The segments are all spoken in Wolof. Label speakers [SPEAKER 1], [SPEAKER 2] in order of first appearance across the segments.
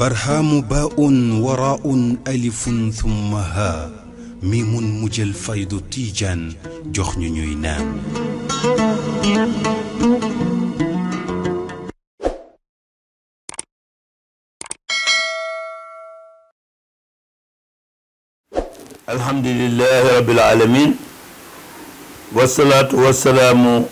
[SPEAKER 1] برهام باء وراء ألف ثم ها ميم مجل فيض تيجان جخن نينام الحمد لله رب العالمين والصلاة والسلام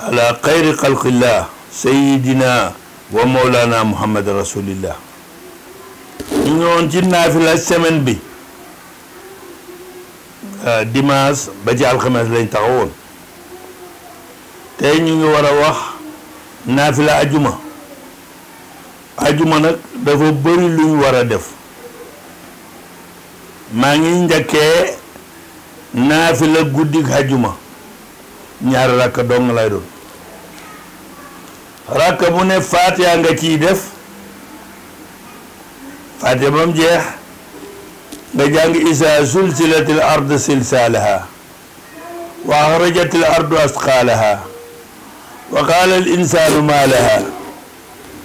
[SPEAKER 1] على خير خلق الله سيدنا wa mawlana muhammad rasulillah ñu ngi woon ci naafila semaine bi euh, dimaas ba ci alxames lañ taxawoon te ñu ngi war a wax naafila ajuma ajuma nag dafa bëri luñ war a def maa ngi njëkkee la guddik ajuma ñaari rakk dong lay doon rakk bu ne fatiha nga ciy def fatiha ba mu jeex nga jàng isa zulzilatil ard silsaalaha wa axrajatil ardu asqaalaha wa qaala al insaanu maa laha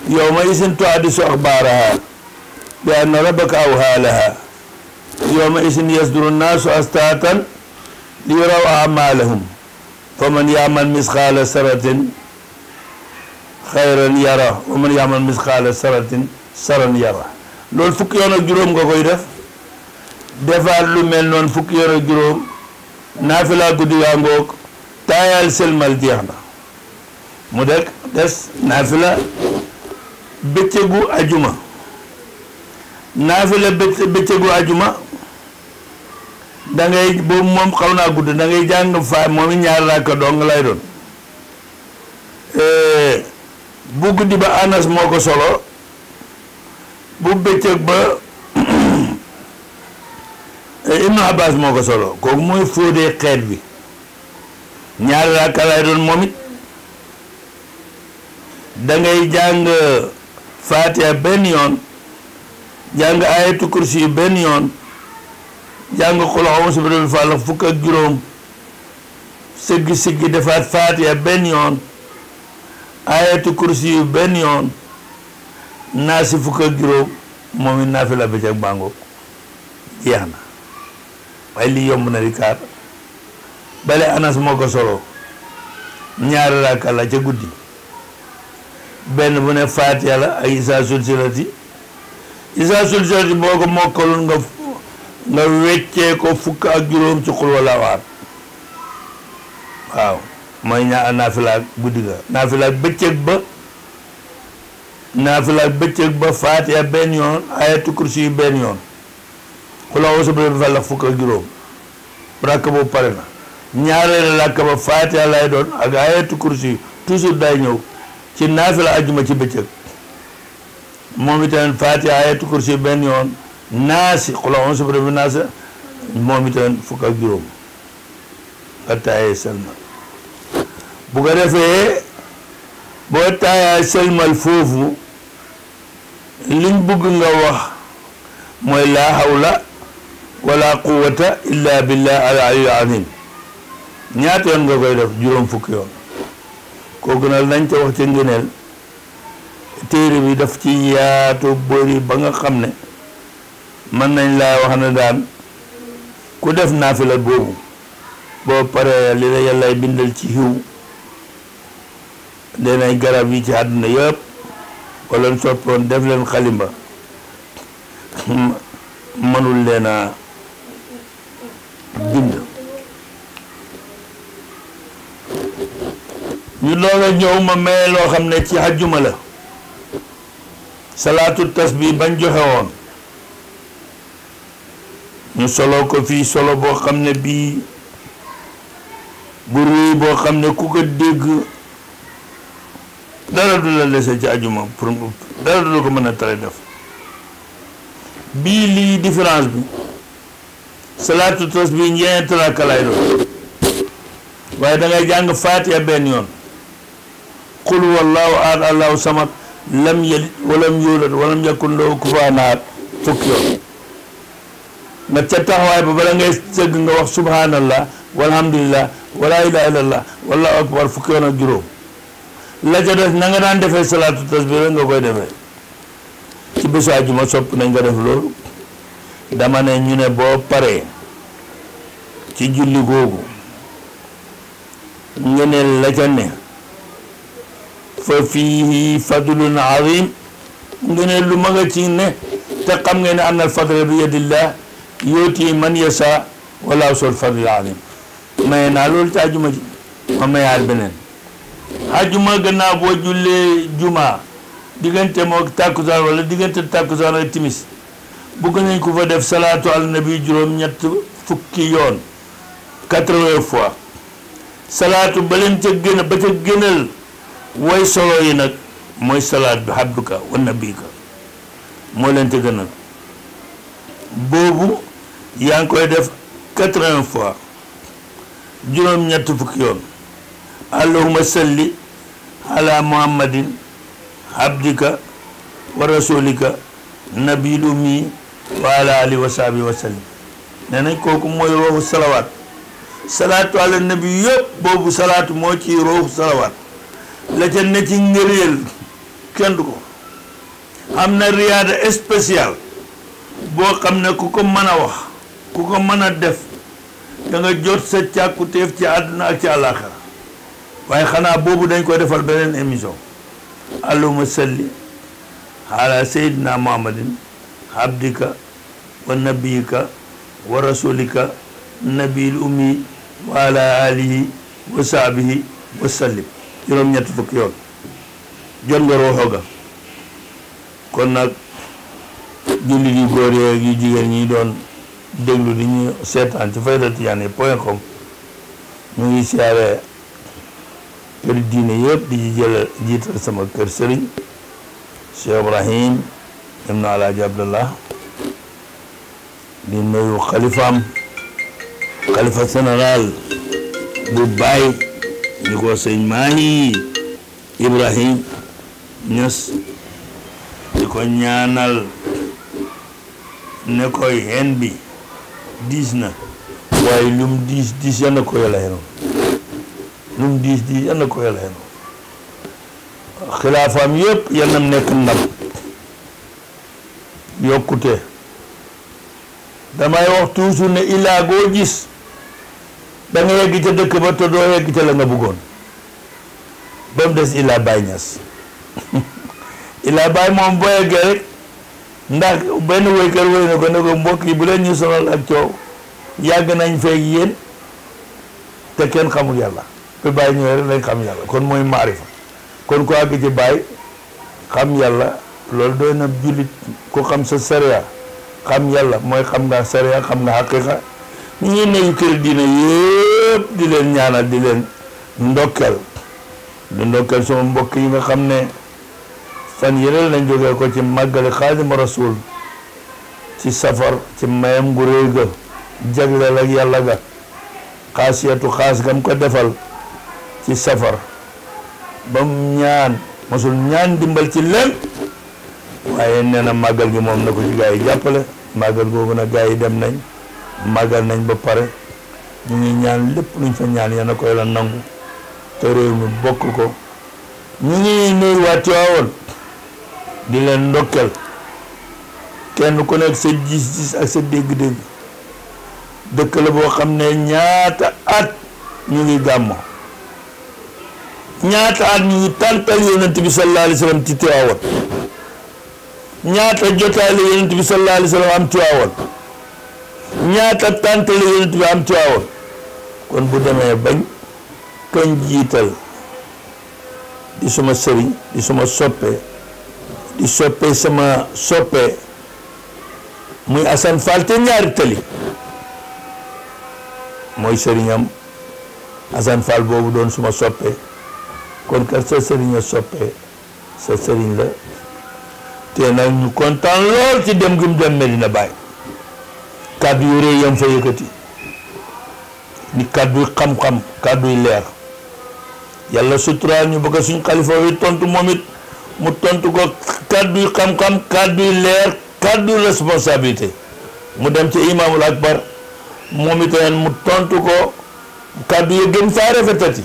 [SPEAKER 1] yowma isin tuhaddisu axbaaraha bi anna rabbaka awhaa laha yowma isin yasduru nnaasu astaatan liyuraw acmaalahum faman yaamal misqaala saratin xayran yara wa man yaamal misqaala saratin saran yara loolu fukki yoon ak juróom nga koy def defaat lu mel noonu fukki yoon ak juróom naafilaa guddi gaa ngoog taayal selmal jeex na mu dekk des naafila bëccëgu ajuma naafila bëccëgu ajuma dangay ngay boobu moom xaw naa gudd da ngay jàng faat moom it ñaari raaka dong lay doon bu guddi ba anas moo ko solo bu bëccëg ba eh, ibnu moo ko solo kooku mooy fóodee xeet bi ñaari raaka doon moom dangay jàng faatiha benn yoon jàng ayatu kursi yu benn yoon jàng xul xawma bi rabbil falaq fukk ak juróom sëggi-siggi defaat faatiha benn yoon ayatu kursi yu benn yoon naa si fukk ak moom it naa fi la bëccëg bàngo jeex na waaye lii na di bale anas moo ko solo ñaari raaka la ca guddi benn bu ne faatiha la ak isaa sulsilati isaa sulsilati boo ko mokkaloon nga nga weccee ko fukk ak juróom ci xul waaw mooy ñaa naafilaak guddi ga naafilaak bëccëg ba naafilaak bëccëg ba faatiha benn yoon ayatu kursi yu benn yoon xulaaw sabila bi fàllax fukk juróom rakk boobu pare na ñaareelu làkk ba faatiha lay doon ak ayatu kursi yu toujours ñëw ci naafila juma ci bëccëg moom itamit faatiha ayatu kursi yu benn yoon naasi xulaaw sabila bi naasi moom itamit fukk ak juróom nga taayee seen bu ko defee boo taayaa sëlmal foofu liñ bëgg nga wax mooy laa la wala quwata illa billah al aliyul azim ñaata yoon nga koy def juróom fukki yoon kooku nag nañ ca wax ca ngëneel téere bi daf ci yaatu bëri ba nga xam ne mën nañ laa wax ne daan ku def naafila boobu boo paree li la yàllay bindal ci xiw deenay garab yi ci àdduna yëpp boo leen soppoon def leen xalimba mënul leen a ñu doog ñëw ma maye loo xam ne ci àjjuma la salaatu tasbih bañ joxe woon ñu solo ko fii solo boo xam ne bii bu rëy boo xam ne ku ko dégg dara du la dese dara du ko mën a tere def bii lii différence bi salaatu tasbih ñeent rakka lay doon waaye da ngay jàng faatiha benn yoon qul wallahu ahad allahu samad lam yalid yulad walam yakun lahu kufuwan ahad fukki yoon nga ca taxawaay ba bala ngay sëgg nga wax subhanallah walhamdulillah wala ilaha fukki yoon ak juróom la ca des na nga daan defee salaatu tasbih nga koy defee ci bésu àjjuma sopp nañ nga def loolu dama ne ñu ne boo paree ci julli googu nga ne la ca ne fa fiihi fadlun nga ne lu ma nga ci ne te xam ngeen ne anna al fadla bi yadillah yootii man yasa wala sol fadlul azim maye naa loolu ci àjjuma ji ma mayaat beneen ajuma gannaaw boo jullee juma diggante moo tàkkusaan wala diggante tàkkusaan ak timis bëgg nañ ko fa def salaatu al nabi juróom ñett fukki yoon quatre fois salaatu ba leen ca gën ba ca gënal way solo yi nag mooy salaat bi habduka wa nabika moo leen ca gënal boobu yaa ngi koy def quatre fois juróom ñett fukki yoon allahuma salli ala muhammadin abdika wa rasulika nabil ummi wa ala alihi wa sahbi wa sallim nee nañ kooku mooy rooxu salawaat salaatu ala nabi yëpp boobu salaatu moo ci rooxu salawaat la ca ne ci ngëréel kenn du ko am na riyaada spécial boo xam ne ku ko mën a wax ku ko mën a def danga nga jot sa càkkutéef ci àdduna ak ci àllaaxira waaye xanaa boobu dañ koy defal beneen émission allahuma salli ala sayyidina muhammadin abdika wa nabiyika wa rasulika nabil ummi wa ala alihi wa sahbihi wa sallim juróom-ñetti fukk yoon jot nga roxo kon nag jullit yu góor yeeg yu jigéen ñi doon déglu di ñu seetaan ci fayda tijaani point com ñu ngi siyaare kër diine yëpp di ci jël jiital sama kër sëriñ Cheikh Ibrahim ibnu Alaaji Abdallah di nuyu xalifaam xalifa général seneraal Baay ñu ko sëñ Maahi Ibrahim Ñas di ko ñaanal ne koy hen bi diis na waaye lum diis diis yal na ko lu mu diis diis yal na ko yàlla xenu xilaafaam yëpp yal na nekk ndam yokkute damay wax toujours ne ilaa goo gis da nga yegg ca dëkk ba te doo ca la nga bëggoon ba mu des ilaa Baay Ñas ilaa Baay moom boo yeggee rek ndax benn woykër woy na ko ne ko yi bu leen ñu sonal ak coow yàgg nañ feeg yéen te kenn xamul yàlla bi bay ñëwee rek lañ xam yalla kon moy maarifa kon ko àgg ci bay xam yalla loolu doyna julit ko xam sa sharia xam yalla moy xam nga sharia xam nga xaqiqa ñi ñuy nekk kër diine di leen ñaanal di leen ndokkeel di ndokkeel sama mbokk yi nga xam ne fan yeneen lañ jógee ko ci màggali xaadima rasul ci safar ci mayam gu réy ga jagleel ak yàlla ga xaasiyatu xaas gam ko defal ci safar ba mu ñaan mosul ñaan dimbal ci leen waaye nee màggal gi moom na ko ci gaa yi jàppale màggal googu nag gaa yi dem nañ màggal nañ ba pare ñu ngi ñaan lépp luñ fa ñaan yéen a koy la nangu te réew mi bokk ko ñu ngi nuyu waa Tiwaawan di leen ndokkeel kenn ku nekk sa gis-gis ak sa dégg-dégg dëkk la boo xam ne ñaata at ñu ngi gàmmo ñaata at ñi tàntal yonent bi sallallahu alayhi wa sallam ci ñaata jotaale yonent bi sallallahu alayhi wa sallam am Tiwaawan ñaata tàntale yonent bi am Tiwaawan kon bu demee bañ kañ jiital di suma sëriñ di suma soppe di soppe sama soppe muy Assane Fall te ñaari tali mooy sëriñam Assane Fall boobu doon suma soppe contre sëriñ a soppee sa sëriñ la te nag ñu kontaan lool ci dem gi dem Medina Baye kàddu yu rëy yam fa yëkkati ni kàdduy xam-xam du leer yalla lo ñu bëgg suñu khalifa wi tontu momit mu tontu ko kàdduy xam-xam kàdduy leer kàdduy responsabilité mu dem ci imaamul akbar momit itamit mu tontu ko kàddu yu gën faa rafetati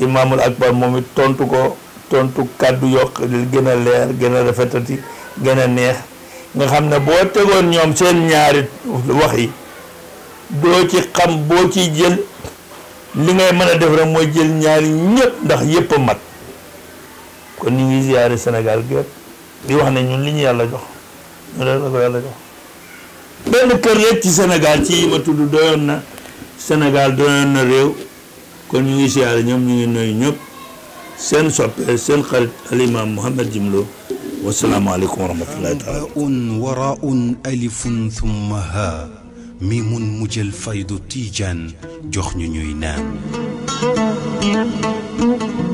[SPEAKER 1] imaamul akbar moom it tontu ko tontu kàddu yokk gën a leer gën a rafetati gën a neex nga xam ne boo tegoon ñoom seen ñaari wax yi doo ci xam boo ci jël li ngay mën a def rek mooy jël ñaari ñëpp ndax yëpp a mat kon ñu ngi ziyaare Sénégal gépp di wax ne ñun li ñu yàlla jox ñu rek la ko yàlla jox benn kër rek ci Sénégal ci yi ma tudd doyoon na Sénégal doyoon na réew كون ني سيار نيم نوي نيوب سين سوب سين خالد الامام محمد جملو والسلام عليكم ورحمه الله تعالى وراء الف ثم ها ميم مجل فيض تيجان جوخ ني نان